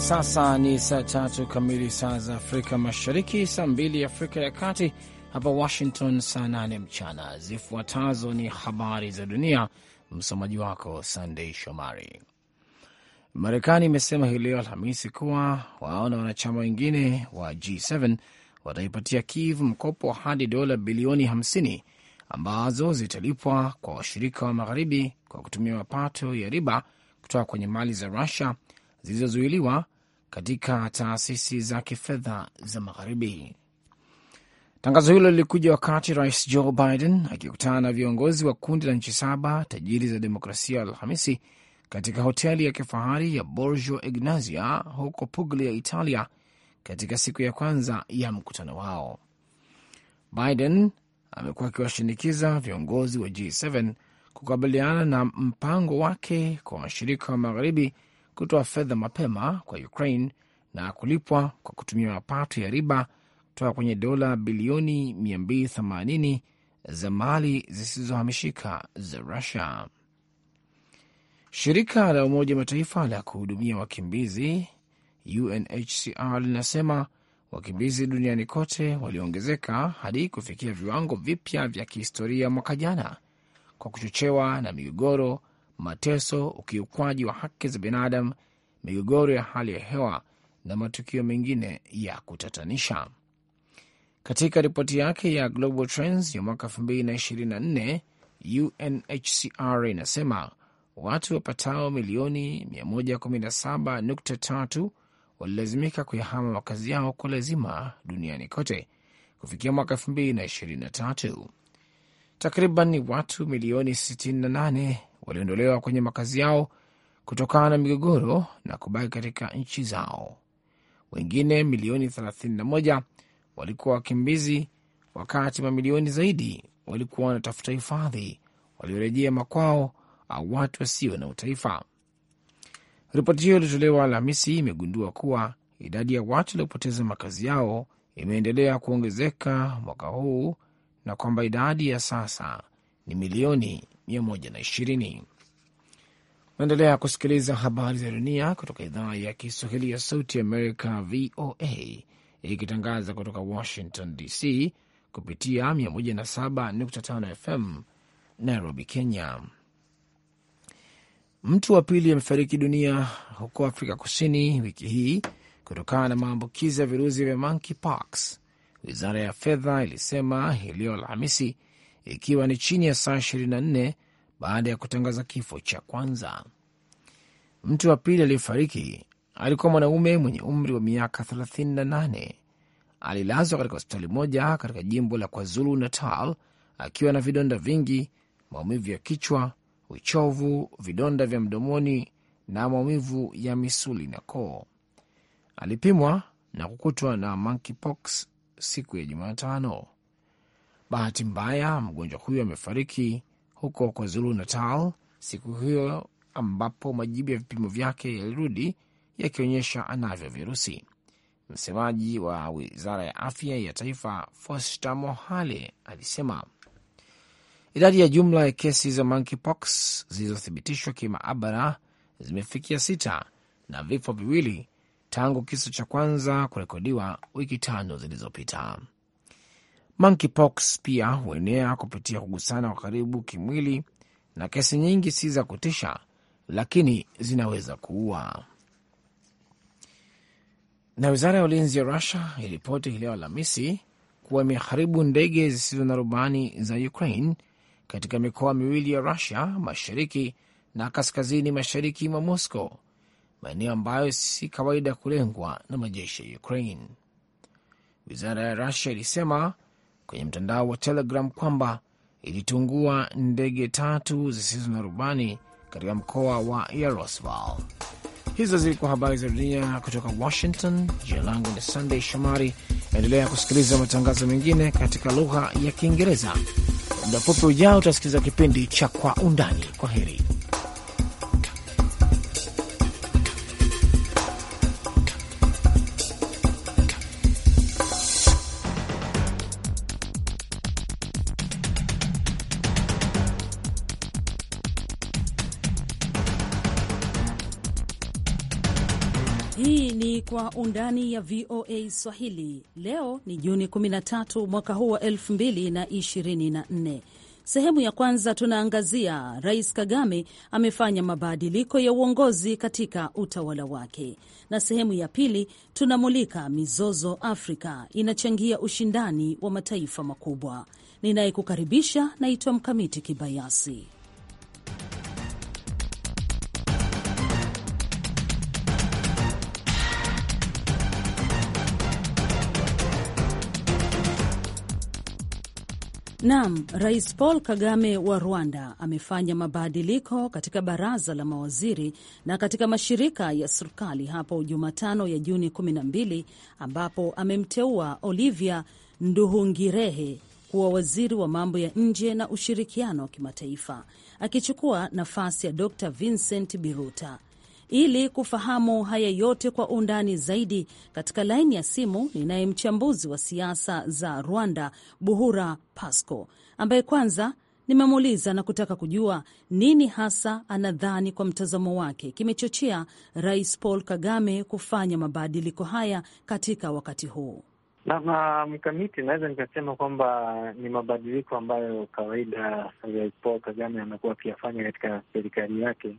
sasa ni saa tatu kamili saa za Afrika Mashariki, saa mbili Afrika ya Kati, hapa Washington saa nane mchana. Zifuatazo ni habari za dunia, msomaji wako Sandei Shomari. Marekani imesema hii leo Alhamisi kuwa wao na wanachama wengine wa G7 wataipatia Kiev mkopo wa hadi dola bilioni 50 ambazo zitalipwa kwa washirika wa magharibi kwa kutumia mapato ya riba kutoka kwenye mali za Rusia zilizozuiliwa katika taasisi za kifedha za magharibi. Tangazo hilo lilikuja wakati rais Joe Biden akikutana na viongozi wa kundi la nchi saba tajiri za demokrasia Alhamisi katika hoteli ya kifahari ya Borgo Ignazia huko Puglia, Italia, katika siku ya kwanza ya mkutano wao. Biden amekuwa akiwashinikiza viongozi wa G7 kukabiliana na mpango wake kwa washirika wa magharibi kutoa fedha mapema kwa Ukraine na kulipwa kwa kutumia mapato ya riba kutoka kwenye dola bilioni 280 za mali zisizohamishika za Rusia. Shirika la Umoja Mataifa la kuhudumia wakimbizi UNHCR linasema wakimbizi duniani kote waliongezeka hadi kufikia viwango vipya vya kihistoria mwaka jana kwa kuchochewa na migogoro mateso, ukiukwaji wa haki za binadamu, migogoro ya hali ya hewa na matukio mengine ya kutatanisha. Katika ripoti yake ya Global Trends ya mwaka 2024, UNHCR inasema watu wapatao milioni 117.3 walilazimika kuyahama makazi yao kwa lazima duniani kote kufikia mwaka 2023. Takriban watu milioni 68 waliondolewa kwenye makazi yao kutokana na migogoro na kubaki katika nchi zao. Wengine milioni 31 walikuwa wakimbizi, wakati mamilioni zaidi walikuwa wanatafuta hifadhi, waliorejea makwao au watu wasio na utaifa. Ripoti hiyo iliyotolewa Alhamisi imegundua kuwa idadi ya watu waliopoteza makazi yao imeendelea kuongezeka mwaka huu na kwamba idadi ya sasa ni milioni 120. Naendelea kusikiliza habari za dunia kutoka idhaa ya Kiswahili ya Sauti Amerika, VOA, ikitangaza kutoka Washington DC kupitia 107.5 FM Nairobi, Kenya. Mtu wa pili amefariki dunia huko Afrika Kusini wiki hii kutokana na maambukizi ya virusi vya monkeypox, wizara ya fedha ilisema hii leo Alhamisi, ikiwa ni chini ya saa 24 baada ya kutangaza kifo cha kwanza. Mtu wa pili aliyefariki alikuwa mwanaume mwenye umri wa miaka 38. Alilazwa katika hospitali moja katika jimbo la KwaZulu Natal akiwa na vidonda vingi, maumivu ya kichwa, uchovu, vidonda vya mdomoni na maumivu ya misuli na koo. Alipimwa na kukutwa na monkeypox siku ya Jumatano. Bahati mbaya mgonjwa huyo amefariki huko kwa Zulu Natal siku hiyo, ambapo majibu ya vipimo vyake yalirudi yakionyesha anavyo virusi. Msemaji wa wizara ya afya ya taifa Fosta Mohale alisema idadi ya jumla ya kesi za monkeypox zilizothibitishwa kimaabara zimefikia sita na vifo viwili tangu kisa cha kwanza kurekodiwa wiki tano zilizopita. Monkeypox pia huenea kupitia kugusana kwa karibu kimwili, na kesi nyingi si za kutisha, lakini zinaweza kuua. Na wizara ya ulinzi ya Rusia iliripoti leo Alhamisi kuwa imeharibu ndege zisizo na rubani za Ukraine katika mikoa miwili ya Rusia mashariki na kaskazini mashariki mwa Moscow, maeneo ambayo si kawaida kulengwa na majeshi ya Ukraine. Wizara ya Rusia ilisema kwenye mtandao wa Telegram kwamba ilitungua ndege tatu zisizo na rubani katika mkoa wa Yaroslavl. Hizo zilikuwa habari za dunia kutoka Washington. Jina langu ni Sandey Shomari. Endelea kusikiliza matangazo mengine katika lugha ya Kiingereza. Muda mfupi ujao utasikiliza kipindi cha Kwa Undani. Kwa heri. undani ya VOA Swahili. Leo ni Juni 13 mwaka huu wa 2024. Sehemu ya kwanza tunaangazia Rais Kagame amefanya mabadiliko ya uongozi katika utawala wake, na sehemu ya pili tunamulika mizozo Afrika inachangia ushindani wa mataifa makubwa. Ninayekukaribisha naitwa Mkamiti Kibayasi. Naam, Rais Paul Kagame wa Rwanda amefanya mabadiliko katika baraza la mawaziri na katika mashirika ya serikali hapo Jumatano ya Juni 12 ambapo amemteua Olivia Nduhungirehe kuwa waziri wa mambo ya nje na ushirikiano wa kimataifa akichukua nafasi ya Dr Vincent Biruta. Ili kufahamu haya yote kwa undani zaidi, katika laini ya simu ninaye mchambuzi wa siasa za Rwanda, Buhura Pasco, ambaye kwanza nimemuuliza na kutaka kujua nini hasa anadhani kwa mtazamo wake kimechochea Rais Paul Kagame kufanya mabadiliko haya katika wakati huu. Na mkamiti, naweza nikasema kwamba ni mabadiliko ambayo kawaida Rais Paul Kagame amekuwa akiyafanya katika serikali yake,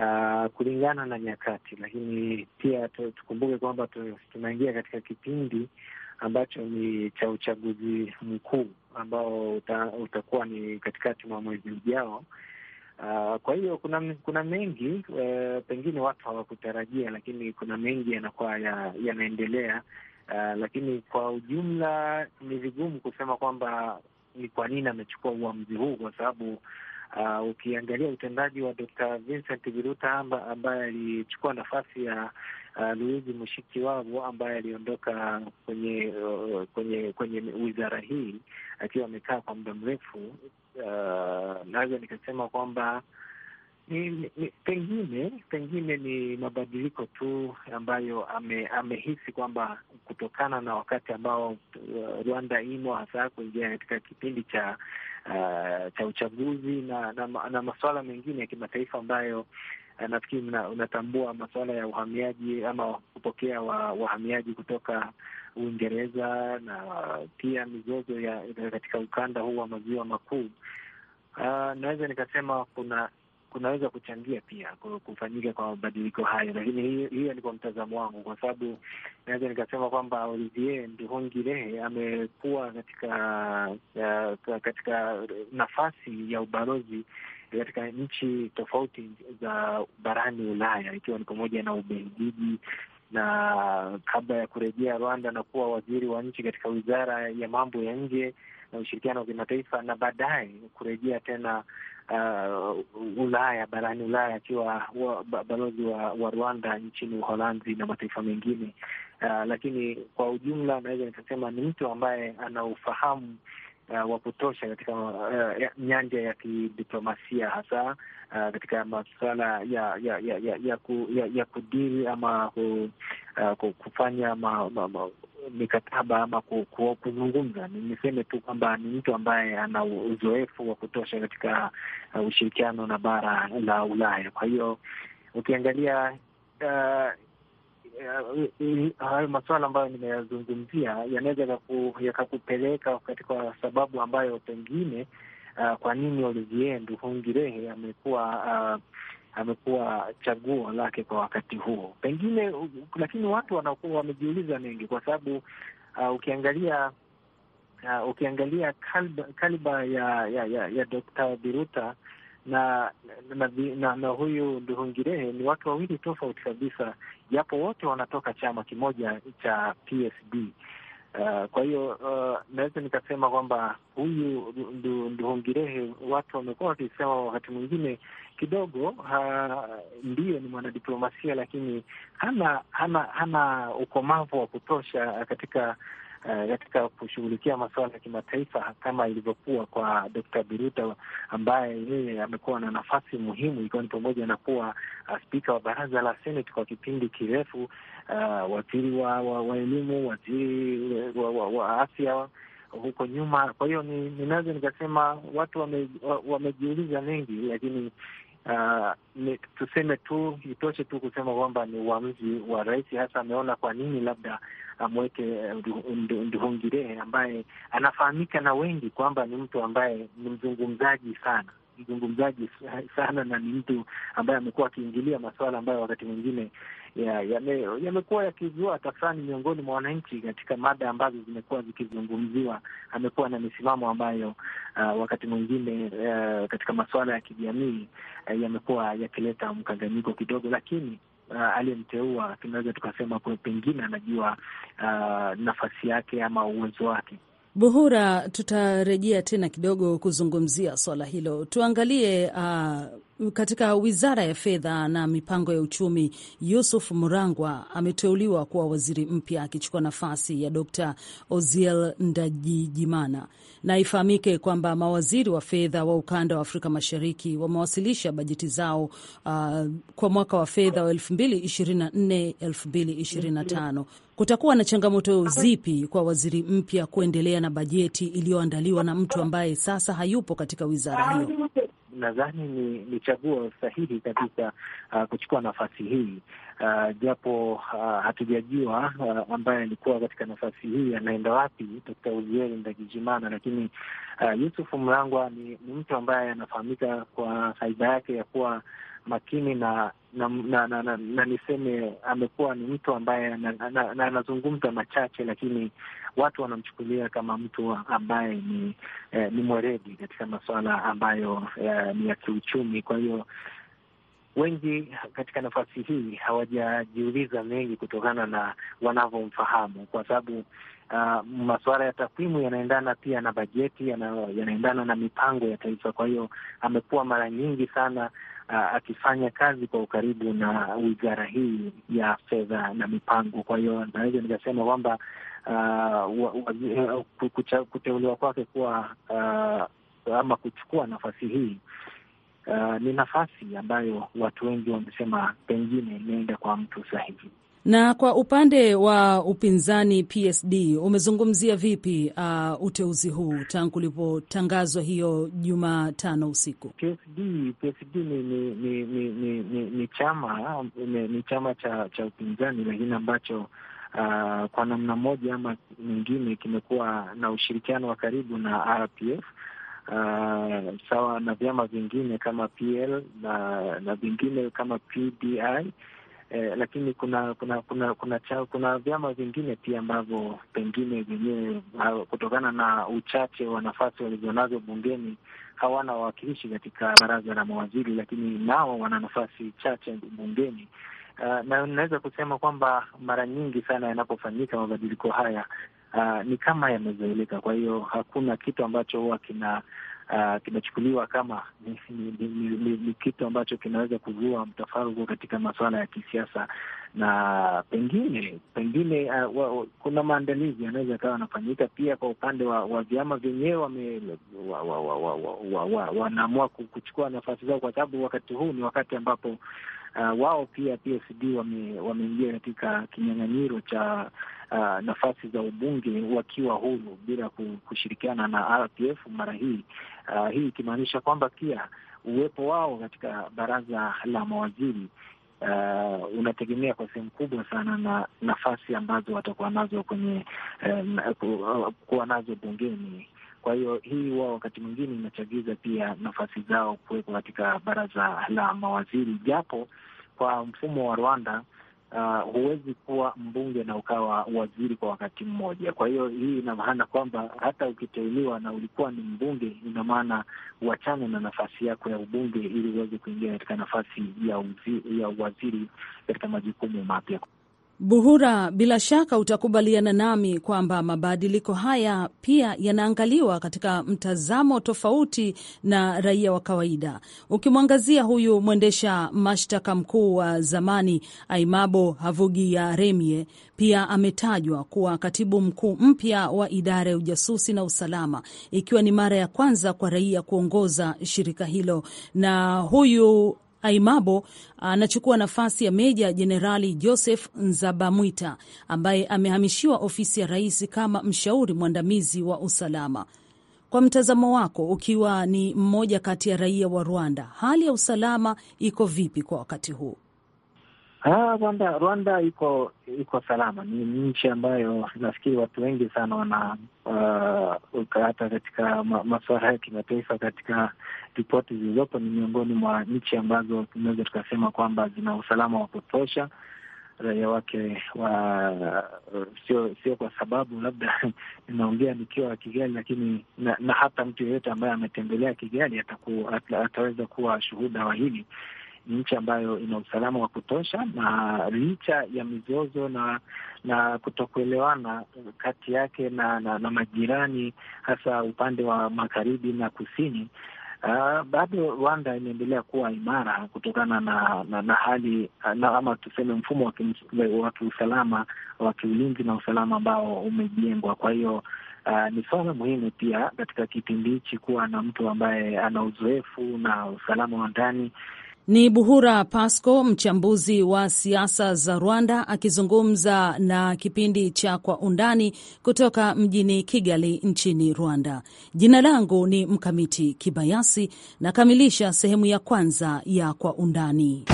uh, kulingana na nyakati, lakini pia tukumbuke kwamba tunaingia katika kipindi ambacho ni cha uchaguzi mkuu ambao uta, utakuwa ni katikati mwa mwezi ujao. Uh, kwa hiyo kuna kuna mengi uh, pengine watu hawakutarajia, lakini kuna mengi yanakuwa yanaendelea ya uh, lakini kwa ujumla ni vigumu kusema kwamba ni kwa nini amechukua uamuzi huu, kwa sababu Uh, ukiangalia utendaji wa Dr. Vincent Biruta ambaye alichukua nafasi ya uh, Luigi Mushikiwabo ambaye aliondoka kwenye uh, kwenye kwenye wizara hii akiwa amekaa kwa muda mrefu, uh, naweza nikasema kwamba ni, ni, pengine pengine ni mabadiliko tu ambayo amehisi ame kwamba kutokana na wakati ambao uh, Rwanda imo hasa kuingia katika kipindi cha uh, cha uchaguzi na, na, na masuala mengine ya kimataifa ambayo uh, una, unatambua masuala ya uhamiaji ama kupokea wa, wahamiaji kutoka Uingereza na pia mizozo ya katika ukanda huu wa maziwa makuu. Uh, naweza nikasema kuna kunaweza kuchangia pia kufanyika kwa mabadiliko hayo, lakini hiyo ni kwa mtazamo wangu, kwa sababu naweza nikasema kwamba Olivier Nduhungirehe amekuwa katika uh, katika nafasi ya ubalozi katika nchi tofauti za barani Ulaya, ikiwa ni pamoja na Ubelgiji na kabla ya kurejea Rwanda na kuwa waziri wa nchi katika wizara ya mambo ya nje na ushirikiano wa kimataifa na baadaye kurejea tena uh, Ulaya, barani Ulaya, akiwa balozi wa, wa Rwanda nchini Uholanzi na mataifa mengine uh, lakini kwa ujumla naweza nikasema ni mtu ambaye ana ufahamu Uh, wa kutosha katika uh, nyanja ya kidiplomasia hasa uh, katika masuala ya ya ya ya, ya, ku, ya, ya kudiri ama ku, uh, kufanya ma, ma, ma, mikataba ama kuzungumza. Niseme tu kwamba ni mtu ambaye ana uzoefu wa kutosha katika uh, ushirikiano na bara la Ulaya. Kwa hiyo ukiangalia uh, uh, uh hayo masuala ambayo nimeyazungumzia yanaweza yakakupeleka katika sababu ambayo pengine, uh, kwa nini Olivier Nduhungirehe amekuwa uh, amekuwa chaguo lake kwa wakati huo pengine. Lakini watu wanakuwa wamejiuliza mengi kwa sababu uh, ukiangalia uh, ukiangalia kaliba ya ya, ya, ya Dr. Biruta na na, na, na, na huyu Nduhungirehe ni watu wawili tofauti kabisa, japo wote wanatoka chama kimoja cha PSB Uh, kwa hiyo uh, naweza nikasema kwamba huyu Nduhungirehe watu wamekuwa wakisema wakati mwingine kidogo uh, ndiyo ni mwanadiplomasia, lakini hana hana hana ukomavu wa kutosha katika Eh, katika uh, kushughulikia masuala ya kimataifa kama ilivyokuwa kwa Dr. Biruta ambaye yeye amekuwa na nafasi muhimu, ikiwa ni pamoja na kuwa uh, spika wa baraza la Seneti kwa kipindi kirefu, uh, waziri wa, wa, wa elimu, waziri wa, wa, wa afya huko nyuma. Kwa hiyo ni, ninaweza nikasema watu wamejiuliza wame mengi, lakini uh, ni, tuseme tu itoshe tu kusema kwamba ni uamuzi wa rais, hasa ameona kwa nini labda amweke eh, Nduhungirehe ambaye anafahamika na wengi kwamba ni mtu ambaye ni mzungumzaji sana mzungumzaji sana na ni mtu ambaye amekuwa akiingilia masuala ambayo wakati mwingine yamekuwa yakizua tafrani miongoni mwa wananchi katika mada ambazo zimekuwa zikizungumziwa. Amekuwa na misimamo ambayo uh, wakati mwingine uh, katika masuala ya kijamii uh, yamekuwa yakileta mkanganyiko kidogo, lakini uh, aliyemteua tunaweza tukasema kwa pengine anajua uh, nafasi yake ama uwezo wake. Buhura, tutarejea tena kidogo kuzungumzia swala hilo. Tuangalie uh, katika Wizara ya Fedha na Mipango ya Uchumi, Yusuf Murangwa ameteuliwa kuwa waziri mpya akichukua nafasi ya Dr. Oziel Ndajijimana. Na ifahamike kwamba mawaziri wa fedha wa ukanda wa Afrika Mashariki wamewasilisha bajeti zao uh, kwa mwaka wa fedha wa 2024 2025. Kutakuwa na changamoto zipi kwa waziri mpya kuendelea na bajeti iliyoandaliwa na mtu ambaye sasa hayupo katika wizara hiyo? nadhani ni, ni chaguo sahihi kabisa uh, kuchukua nafasi hii uh, japo uh, hatujajua uh, ambaye alikuwa katika nafasi hii anaenda wapi, Dkt. Uzieri Ndagijimana, lakini uh, Yusufu Mrangwa ni, ni mtu ambaye anafahamika kwa haiba yake ya kuwa makini na na na, na, na, na niseme amekuwa ni mtu ambaye anazungumza machache, lakini watu wanamchukulia kama mtu ambaye ni eh, ni mweredi katika masuala ambayo eh, ni ya kiuchumi. Kwa hiyo wengi katika nafasi hii hawajajiuliza mengi kutokana na wanavyomfahamu, kwa sababu uh, ah, masuala ya takwimu yanaendana pia na bajeti, yanaendana na mipango ya taifa. Kwa hiyo amekuwa mara nyingi sana uh, akifanya kazi kwa ukaribu na wizara hii ya fedha na mipango. Kwa hiyo naweza nikasema kwamba uh, kuteuliwa kwake kuwa uh, ama kuchukua nafasi hii uh, ni nafasi ambayo watu wengi wamesema pengine imeenda kwa mtu sahihi. Na kwa upande wa upinzani PSD umezungumzia vipi uh, uteuzi huu tangu ulipotangazwa hiyo Jumatano usiku? PSD PSD ni ni ni ni ni, ni chama ni, ni chama cha cha upinzani lakini ambacho Uh, kwa namna moja ama nyingine kimekuwa na ushirikiano wa karibu na RPF uh, sawa na vyama vingine kama PL na na vingine kama PDI eh, lakini kuna kuna kuna kuna, cha, kuna vyama vingine pia ambavyo pengine vyenyewe kutokana na uchache wa nafasi walizonazo bungeni hawana wawakilishi katika baraza la mawaziri, lakini nao wana nafasi chache bungeni. Uh, na naweza kusema kwamba mara nyingi sana yanapofanyika mabadiliko haya uh, ni kama yamezoeleka. Kwa hiyo hakuna kitu ambacho huwa kina uh, kimechukuliwa kama ni, ni, ni, ni, ni, ni kitu ambacho kinaweza kuzua mtafaruku katika masuala ya kisiasa, na pengine pengine uh, wa, wa, kuna maandalizi yanaweza yakawa yanafanyika pia kwa upande wa, wa vyama vyenyewe wa, wa, wa, wa, wa, wa, wanaamua kuchukua nafasi zao, kwa sababu wakati huu ni wakati ambapo uh, wao pia PSD wameingia wame katika kinyang'anyiro cha uh, nafasi za ubunge wakiwa huru bila kushirikiana na RPF mara hii uh, hii ikimaanisha kwamba pia uwepo wao katika baraza la mawaziri Uh, unategemea kwa sehemu kubwa sana na nafasi ambazo watakuwa nazo kwenye um, ku, uh, kuwa nazo bungeni. Kwa hiyo hii wao wakati mwingine inachagiza pia nafasi zao kuwekwa katika baraza la mawaziri, japo kwa mfumo wa Rwanda uh, huwezi kuwa mbunge na ukawa waziri kwa wakati mmoja. Kwa hiyo hii ina maana kwamba hata ukiteuliwa na ulikuwa ni mbunge, ina maana uachane na nafasi yako ya ubunge ili uweze kuingia katika nafasi ya, uzi, ya uwaziri katika majukumu mapya. Buhura, bila shaka utakubaliana nami kwamba mabadiliko haya pia yanaangaliwa katika mtazamo tofauti na raia wa kawaida. Ukimwangazia huyu mwendesha mashtaka mkuu wa zamani Aimabo remie pia ametajwa kuwa katibu mkuu mpya wa idara ya ujasusi na usalama, ikiwa ni mara ya kwanza kwa raia kuongoza shirika hilo, na huyu Aimabo anachukua nafasi ya Meja Jenerali Joseph Nzabamwita ambaye amehamishiwa ofisi ya rais kama mshauri mwandamizi wa usalama. Kwa mtazamo wako, ukiwa ni mmoja kati ya raia wa Rwanda, hali ya usalama iko vipi kwa wakati huu? Ah, Rwanda Rwanda iko iko salama. Ni nchi ambayo nafikiri watu wengi sana wana uh, hata katika masuala ya kimataifa, katika ripoti zilizopo, ni miongoni mwa nchi ambazo tunaweza tukasema kwamba zina usalama wa kutosha raia wake wa sio sio kwa sababu labda ninaongea nikiwa wa Kigali, lakini na, na hata mtu yeyote ambaye ametembelea Kigali ataku, at, ataweza kuwa shuhuda wa hili ni nchi ambayo ina usalama wa kutosha, na licha ya mizozo na na kutokuelewana kati yake na, na, na majirani hasa upande wa magharibi na kusini. Uh, bado Rwanda imeendelea kuwa imara kutokana na, na, na hali na, ama tuseme mfumo wa kiusalama wa kiulinzi na usalama ambao umejengwa. Kwa hiyo uh, ni swala muhimu pia katika kipindi hichi kuwa na mtu ambaye ana uzoefu na usalama wa ndani ni Buhura Pasco, mchambuzi wa siasa za Rwanda, akizungumza na kipindi cha Kwa Undani kutoka mjini Kigali nchini Rwanda. Jina langu ni Mkamiti Kibayasi, nakamilisha sehemu ya kwanza ya Kwa Undani.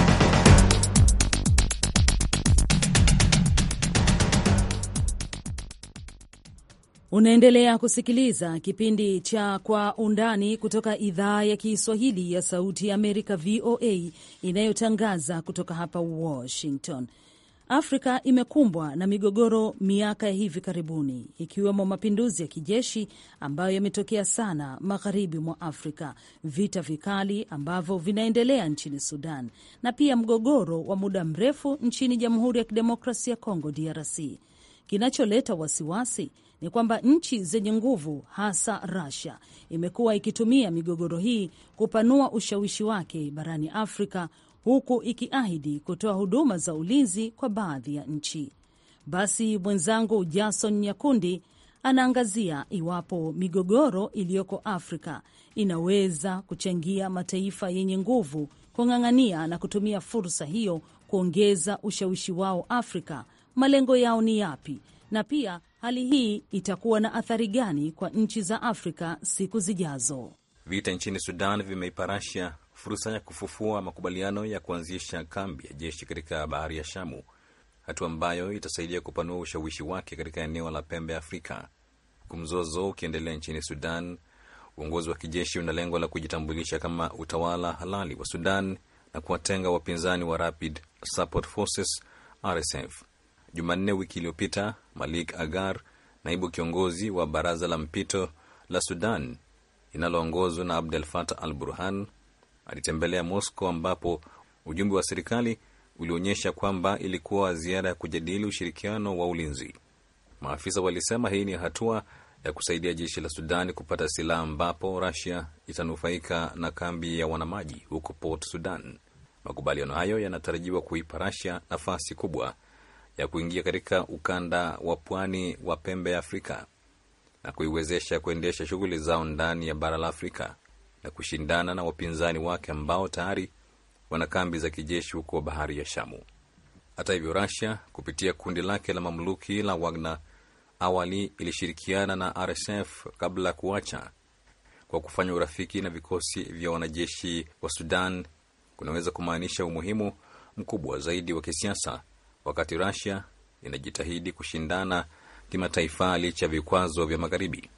Unaendelea kusikiliza kipindi cha Kwa Undani kutoka idhaa ya Kiswahili ya Sauti ya Amerika, VOA, inayotangaza kutoka hapa Washington. Afrika imekumbwa na migogoro miaka ya hivi karibuni, ikiwemo mapinduzi ya kijeshi ambayo yametokea sana magharibi mwa Afrika, vita vikali ambavyo vinaendelea nchini Sudan, na pia mgogoro wa muda mrefu nchini Jamhuri ya Kidemokrasia ya Kongo, DRC. Kinacholeta wasiwasi ni kwamba nchi zenye nguvu hasa Russia imekuwa ikitumia migogoro hii kupanua ushawishi wake barani Afrika huku ikiahidi kutoa huduma za ulinzi kwa baadhi ya nchi. Basi mwenzangu Jason Nyakundi anaangazia iwapo migogoro iliyoko Afrika inaweza kuchangia mataifa yenye nguvu kung'ang'ania na kutumia fursa hiyo kuongeza ushawishi wao Afrika. Malengo yao ni yapi na pia hali hii itakuwa na athari gani kwa nchi za Afrika siku zijazo? Vita nchini Sudan vimeipa Rasia fursa ya kufufua makubaliano ya kuanzisha kambi ya jeshi katika bahari ya Shamu, hatua ambayo itasaidia kupanua ushawishi wake katika eneo la pembe ya Afrika. Huku mzozo ukiendelea nchini Sudan, uongozi wa kijeshi una lengo la kujitambulisha kama utawala halali wa Sudan na kuwatenga wapinzani wa Rapid Support Forces, RSF. Jumanne wiki iliyopita, Malik Agar, naibu kiongozi wa baraza la mpito la Sudan linaloongozwa na Abdel Fattah al Burhan, alitembelea Moscow ambapo ujumbe wa serikali ulionyesha kwamba ilikuwa ziara ya kujadili ushirikiano wa ulinzi. Maafisa walisema hii ni hatua ya kusaidia jeshi la sudani kupata silaha ambapo rasia itanufaika na kambi ya wanamaji huko Port Sudan. Makubaliano hayo yanatarajiwa kuipa Russia nafasi kubwa ya kuingia katika ukanda wa pwani wa pembe ya Afrika na kuiwezesha kuendesha shughuli zao ndani ya bara la Afrika na kushindana na wapinzani wake ambao tayari wana kambi za kijeshi huko bahari ya Shamu. Hata hivyo, Russia kupitia kundi lake la mamluki la Wagner awali ilishirikiana na RSF kabla ya kuacha. Kwa kufanya urafiki na vikosi vya wanajeshi wa Sudan kunaweza kumaanisha umuhimu mkubwa zaidi wa kisiasa wakati rasia inajitahidi kushindana kimataifa licha ya vikwazo vya Magharibi.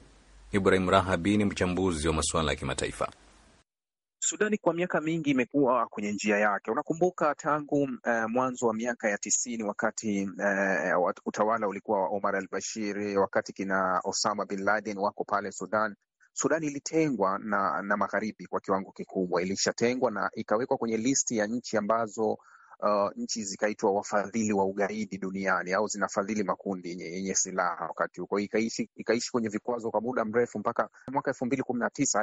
Ibrahim Rahabi ni mchambuzi wa masuala ya kimataifa. Sudani kwa miaka mingi imekuwa kwenye njia yake. Unakumbuka tangu uh, mwanzo wa miaka ya tisini wakati uh, utawala ulikuwa wa Omar al Bashir, wakati kina Osama bin Laden wako pale Sudan. Sudan ilitengwa na, na magharibi kwa kiwango kikubwa, ilishatengwa na ikawekwa kwenye listi ya nchi ambazo uh, nchi zikaitwa wafadhili wa ugaidi duniani au zinafadhili makundi yenye, yenye silaha wakati huko, ikaishi, ikaishi kwenye vikwazo kwa muda mrefu mpaka mwaka elfu mbili kumi na tisa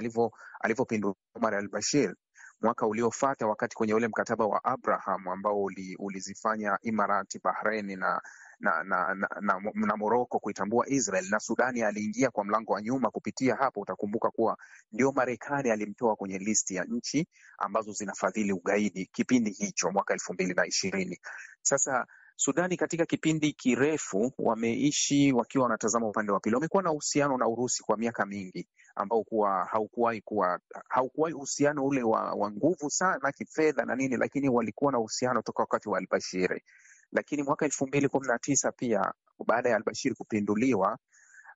alivyopindua Omar al Bashir mwaka uliofata wakati kwenye ule mkataba wa Abraham ambao uli, ulizifanya Imarati, Bahrain na na, na, na, na, na Moroko kuitambua Israel na Sudani aliingia kwa mlango wa nyuma kupitia hapo. Utakumbuka kuwa ndio Marekani alimtoa kwenye listi ya nchi ambazo zinafadhili ugaidi kipindi hicho mwaka elfu mbili na ishirini. Sasa Sudani katika kipindi kirefu wameishi wakiwa wanatazama upande wa pili. Wamekuwa na uhusiano na Urusi kwa miaka mingi ambao kuwa haukuwahi kuwa haukuwahi uhusiano ule wa, wa nguvu sana kifedha na nini, lakini walikuwa na uhusiano toka wakati wa Albashiri. Lakini mwaka elfu mbili kumi na tisa pia baada ya Albashiri kupinduliwa,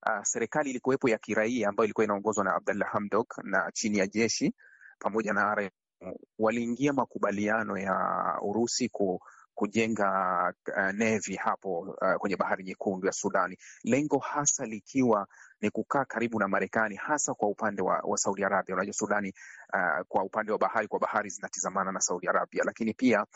uh, serikali ilikuwepo ya kiraia ambayo ilikuwa inaongozwa na Abdallah Hamdok na chini ya jeshi pamoja na waliingia makubaliano ya Urusi ku kujenga uh, eh, nevi hapo uh, kwenye bahari nyekundu ya Sudani, lengo hasa likiwa ni kukaa karibu na Marekani, hasa kwa upande wa, wa Saudi Arabia. Unajua Sudani uh, kwa upande wa bahari, kwa bahari zinatizamana na Saudi Arabia, lakini pia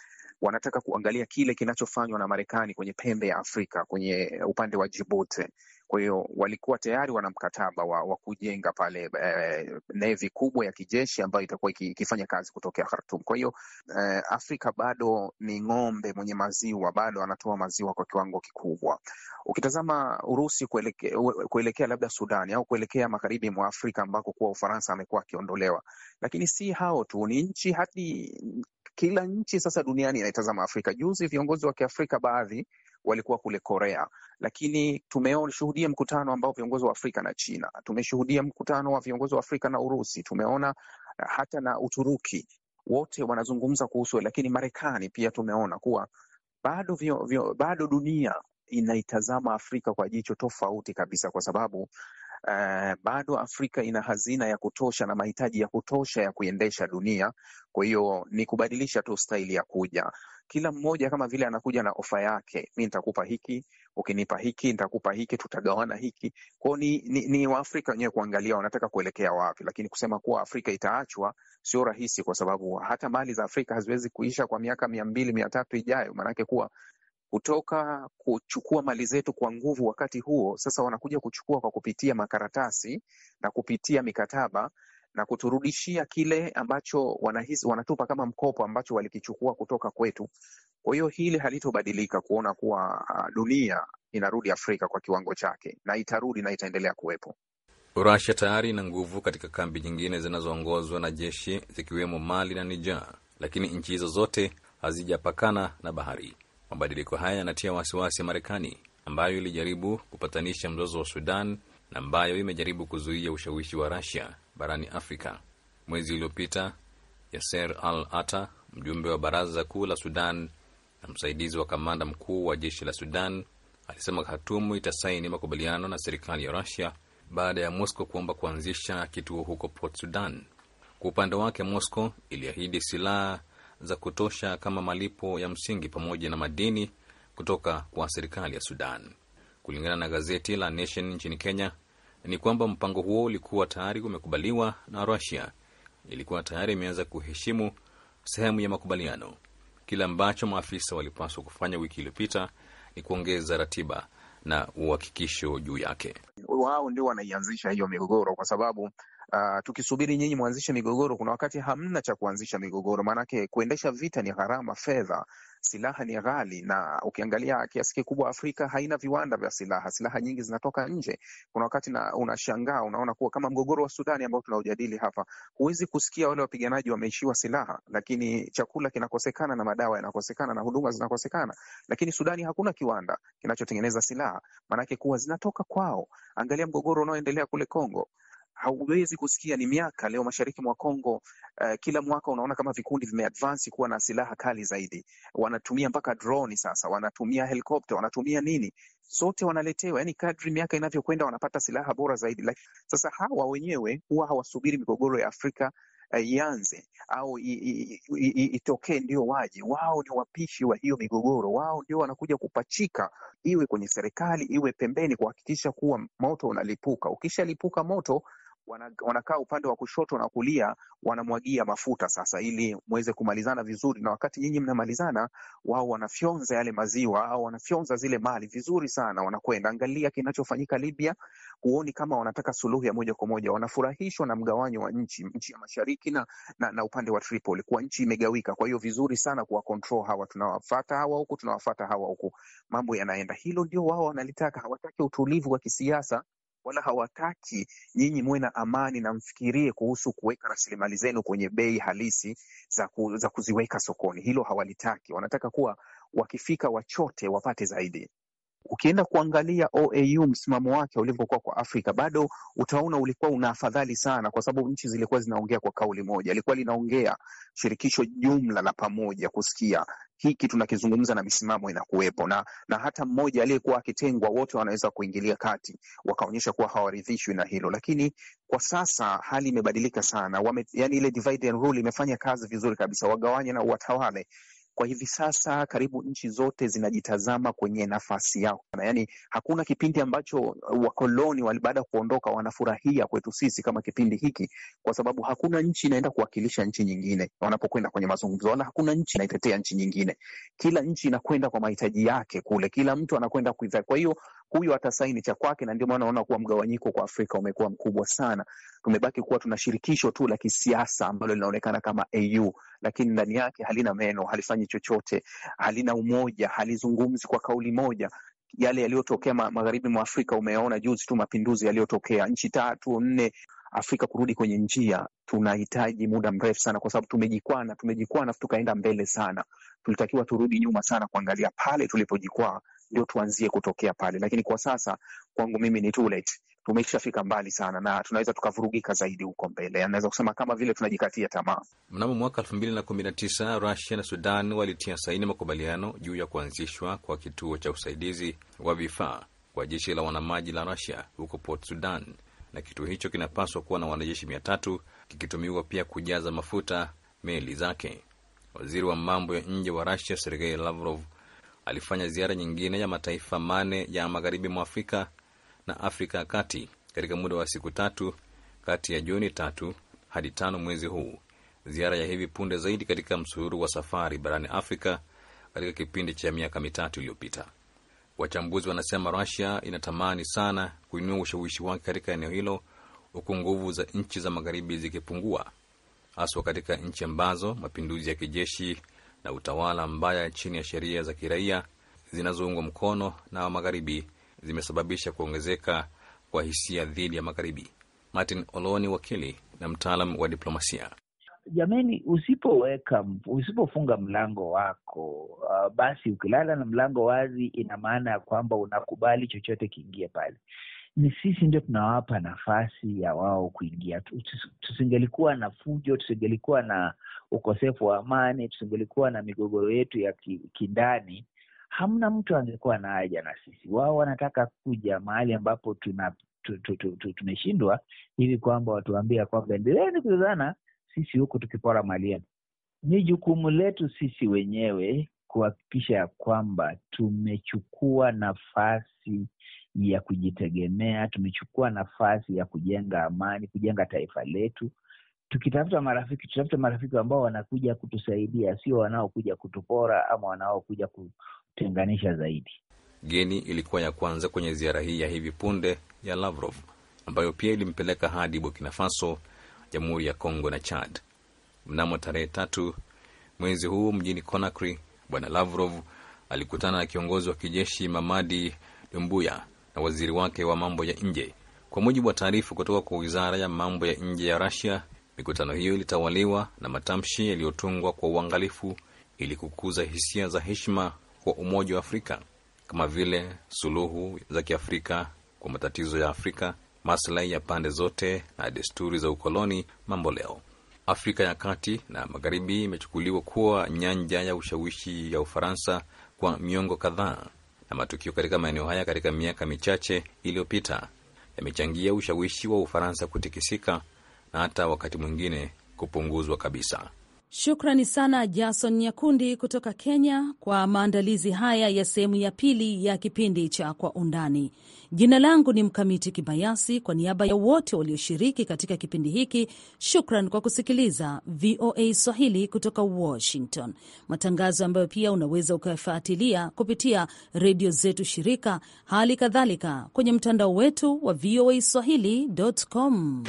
wanataka kuangalia kile kinachofanywa na Marekani kwenye pembe ya Afrika, kwenye upande wa Jibuti kwa hiyo walikuwa tayari wana mkataba wa, wa kujenga pale eh, nevi kubwa ya kijeshi ambayo itakuwa ikifanya kazi kutokea Khartoum. Kwa hiyo eh, Afrika bado ni ng'ombe mwenye maziwa, bado anatoa maziwa kwa kiwango kikubwa. Ukitazama Urusi kuelekea, kuelekea labda Sudani au kuelekea magharibi mwa Afrika ambako kuwa Ufaransa amekuwa akiondolewa, lakini si hao tu, ni nchi hadi kila nchi sasa duniani inaitazama Afrika. Juzi viongozi wa Kiafrika baadhi walikuwa kule Korea, lakini tumeshuhudia mkutano ambao viongozi wa Afrika na China, tumeshuhudia mkutano wa viongozi wa Afrika na Urusi, tumeona eh, hata na Uturuki, wote wanazungumza kuhusu, lakini Marekani pia tumeona kuwa bado, vio, vio, bado dunia inaitazama Afrika kwa jicho tofauti kabisa, kwa sababu uh, bado Afrika ina hazina ya kutosha na mahitaji ya kutosha ya kuendesha dunia. Kwa hiyo ni kubadilisha tu staili ya kuja kila mmoja kama vile anakuja na ofa yake, mi nitakupa hiki, ukinipa hiki, nitakupa hiki, tutagawana hiki. Kwao ni, ni, ni Waafrika wenyewe kuangalia wanataka kuelekea wapi, lakini kusema kuwa Afrika itaachwa sio rahisi, kwa sababu hata mali za Afrika haziwezi kuisha kwa miaka mia mbili mia tatu ijayo, maanake kuwa kutoka kuchukua mali zetu kwa nguvu wakati huo, sasa wanakuja kuchukua kwa kupitia makaratasi na kupitia mikataba na kuturudishia kile ambacho wanahisi, wanatupa kama mkopo ambacho walikichukua kutoka kwetu. Kwa hiyo hili halitobadilika kuona kuwa ah, dunia inarudi Afrika kwa kiwango chake, na itarudi na itaendelea kuwepo. rasia tayari ina nguvu katika kambi nyingine zinazoongozwa na jeshi zikiwemo Mali na Niger, lakini nchi hizo zote hazijapakana na bahari. Mabadiliko haya yanatia wasiwasi Marekani ambayo ilijaribu kupatanisha mzozo wa Sudan na ambayo imejaribu kuzuia ushawishi wa rasia barani Afrika. Mwezi uliopita, Yaser Al Ata, mjumbe wa baraza kuu la Sudan na msaidizi wa kamanda mkuu wa jeshi la Sudan, alisema Khartoum itasaini makubaliano na serikali ya Rusia baada ya Moscow kuomba kuanzisha kituo huko Port Sudan. Kwa upande wake, Moscow iliahidi silaha za kutosha kama malipo ya msingi pamoja na madini kutoka kwa serikali ya Sudan. Kulingana na gazeti la Nation nchini Kenya, ni kwamba mpango huo ulikuwa tayari umekubaliwa na Rusia ilikuwa tayari imeanza kuheshimu sehemu ya makubaliano. Kile ambacho maafisa walipaswa kufanya wiki iliyopita ni kuongeza ratiba na uhakikisho juu yake. Wao ndio wanaianzisha hiyo migogoro, kwa sababu uh, tukisubiri nyinyi mwanzishe migogoro, kuna wakati hamna cha kuanzisha migogoro, maanake kuendesha vita ni gharama fedha, silaha ni ghali, na ukiangalia kiasi kikubwa Afrika haina viwanda vya silaha, silaha nyingi zinatoka nje. Kuna wakati na unashangaa unaona kuwa kama mgogoro wa Sudani ambao tunaujadili hapa, huwezi kusikia wale wapiganaji wameishiwa silaha, lakini chakula kinakosekana na madawa yanakosekana na huduma zinakosekana, lakini Sudani hakuna kiwanda kinachotengeneza silaha, maanake kuwa zinatoka kwao. Angalia mgogoro unaoendelea kule Kongo hauwezi kusikia ni miaka leo mashariki mwa Kongo. Uh, kila mwaka unaona kama vikundi vimeadvansi kuwa na silaha kali zaidi, wanatumia mpaka droni sasa, wanatumia helikopta, wanatumia nini, sote wanaletewa. Yani kadri miaka inavyokwenda wanapata silaha bora zaidi. Like, sasa hawa wenyewe huwa hawasubiri migogoro ya Afrika eh, ianze au itokee ndio waje. Wao ni wapishi wa hiyo migogoro, wao ndio wanakuja kupachika, iwe kwenye serikali iwe pembeni, kuhakikisha kuwa moto unalipuka. Ukishalipuka moto wanakaa upande wa kushoto na kulia, wanamwagia mafuta sasa, ili mweze kumalizana vizuri. Na wakati nyinyi mnamalizana, wao wanafyonza yale maziwa au wanafyonza zile mali vizuri sana, wanakwenda. Angalia kinachofanyika Libya, huoni kama wanataka suluhu ya moja kwa moja? Wanafurahishwa na mgawanyo wa nchi, nchi ya mashariki na, na, na upande wa Tripoli, kuwa nchi imegawika. Kwa hiyo vizuri sana kuwa control hawa, tunawafata hawa huku, tunawafata hawa huku, mambo yanaenda. Hilo ndio wao wanalitaka, hawataki utulivu wa kisiasa wala hawataki nyinyi muwe na amani na mfikirie kuhusu kuweka rasilimali zenu kwenye bei halisi za, ku, za kuziweka sokoni. Hilo hawalitaki, wanataka kuwa wakifika wachote wapate zaidi ukienda kuangalia OAU msimamo wake ulivyokuwa kwa Afrika bado utaona ulikuwa una afadhali sana, kwa sababu nchi zilikuwa zinaongea kwa kauli moja, likuwa linaongea shirikisho jumla la pamoja kusikia hiki tunakizungumza na misimamo inakuwepo na, na hata mmoja aliyekuwa akitengwa, wote wanaweza kuingilia kati wakaonyesha kuwa hawaridhishwi na hilo. Lakini kwa sasa hali imebadilika sana, wame, yani ile divide and rule imefanya kazi vizuri kabisa, wagawanye na watawale kwa hivi sasa karibu nchi zote zinajitazama kwenye nafasi yao, yaani hakuna kipindi ambacho uh, wakoloni baada ya kuondoka wanafurahia kwetu sisi kama kipindi hiki, kwa sababu hakuna nchi inaenda kuwakilisha nchi nyingine wanapokwenda kwenye mazungumzo, wala hakuna nchi inaitetea nchi nyingine. Kila nchi inakwenda kwa mahitaji yake kule, kila mtu anakwenda. Kwa hiyo huyu atasaini cha kwake, na ndio maana unaona kuwa mgawanyiko kwa Afrika umekuwa mkubwa sana. Tumebaki kuwa tuna shirikisho tu la kisiasa ambalo linaonekana kama AU, lakini ndani yake halina meno, halifanyi chochote, halina umoja, halizungumzi kwa kauli moja yale yaliyotokea magharibi mwa Afrika. Umeona juzi tu mapinduzi yaliyotokea nchi tatu nne. Afrika kurudi kwenye njia, tunahitaji muda mrefu sana, kwa sababu tumejikwana, tumejikwana tukaenda mbele sana. Tulitakiwa turudi nyuma sana, kuangalia pale tulipojikwaa ndio tuanzie kutokea pale, lakini kwa sasa kwangu mimi ni too late. Tumeshafika mbali sana na tunaweza tukavurugika zaidi huko mbele. Naweza kusema kama vile tunajikatia tamaa. Mnamo mwaka elfu mbili na kumi na tisa Rusia na Sudan walitia saini makubaliano juu ya kuanzishwa kwa kituo cha usaidizi wa vifaa kwa jeshi la wanamaji la Rusia huko Port Sudan, na kituo hicho kinapaswa kuwa na wanajeshi mia tatu kikitumiwa pia kujaza mafuta meli zake. Waziri wa mambo ya nje wa Rusia Sergei Lavrov alifanya ziara nyingine ya mataifa mane ya magharibi mwa Afrika na Afrika ya kati katika muda wa siku tatu kati ya Juni tatu hadi tano mwezi huu, ziara ya hivi punde zaidi katika msururu wa safari barani Afrika katika kipindi cha miaka mitatu iliyopita. Wachambuzi wanasema Rusia inatamani sana kuinua ushawishi wake katika eneo hilo, huku nguvu za nchi za magharibi zikipungua, haswa katika nchi ambazo mapinduzi ya kijeshi na utawala mbaya chini ya sheria za kiraia zinazoungwa mkono na Magharibi zimesababisha kuongezeka kwa hisia dhidi ya Magharibi. Martin Oloni, wakili na mtaalam wa diplomasia. Jamani, usipoweka usipofunga mlango wako uh, basi ukilala na mlango wazi, ina maana ya kwamba unakubali chochote kiingie pale. Ni sisi ndio tunawapa nafasi ya wao kuingia. Tusingelikuwa na fujo, tusingelikuwa na ukosefu wa amani, tusingelikuwa na migogoro yetu ya kindani, hamna mtu angekuwa na haja na sisi. Wao wanataka kuja mahali ambapo tuna tumeshindwa hivi kwamba watuambia kwamba endeleeni kuzana sisi huku tukipora mali yenu. Ni jukumu letu sisi wenyewe kuhakikisha ya kwamba tumechukua nafasi ya kujitegemea, tumechukua nafasi ya kujenga amani, kujenga taifa letu, tukitafuta marafiki, tutafute marafiki ambao wanakuja kutusaidia, sio wanaokuja kutupora ama wanaokuja kutenganisha zaidi. Geni ilikuwa ya kwanza kwenye ziara hii ya hivi punde ya Lavrov ambayo pia ilimpeleka hadi Burkina Faso, Jamhuri ya congo na Chad. Mnamo tarehe tatu mwezi huu mjini Conakry, Bwana Lavrov alikutana na kiongozi wa kijeshi Mamadi Dumbuya na waziri wake wa mambo ya nje. Kwa mujibu wa taarifa kutoka kwa wizara ya mambo ya nje ya rasia Mikutano hiyo ilitawaliwa na matamshi yaliyotungwa kwa uangalifu ili kukuza hisia za heshima kwa Umoja wa Afrika, kama vile suluhu za Kiafrika kwa matatizo ya Afrika, maslahi ya pande zote na desturi za ukoloni mambo leo. Afrika ya Kati na Magharibi imechukuliwa kuwa nyanja ya ushawishi ya Ufaransa kwa miongo kadhaa, na matukio katika maeneo haya katika miaka michache iliyopita yamechangia ushawishi wa Ufaransa kutikisika na hata wakati mwingine kupunguzwa kabisa. Shukrani sana Jason Nyakundi kutoka Kenya kwa maandalizi haya ya sehemu ya pili ya kipindi cha Kwa Undani. Jina langu ni Mkamiti Kibayasi. Kwa niaba ya wote walioshiriki katika kipindi hiki, shukran kwa kusikiliza VOA Swahili kutoka Washington, matangazo ambayo pia unaweza ukayafuatilia kupitia redio zetu shirika, hali kadhalika kwenye mtandao wetu wa VOA Swahili.com.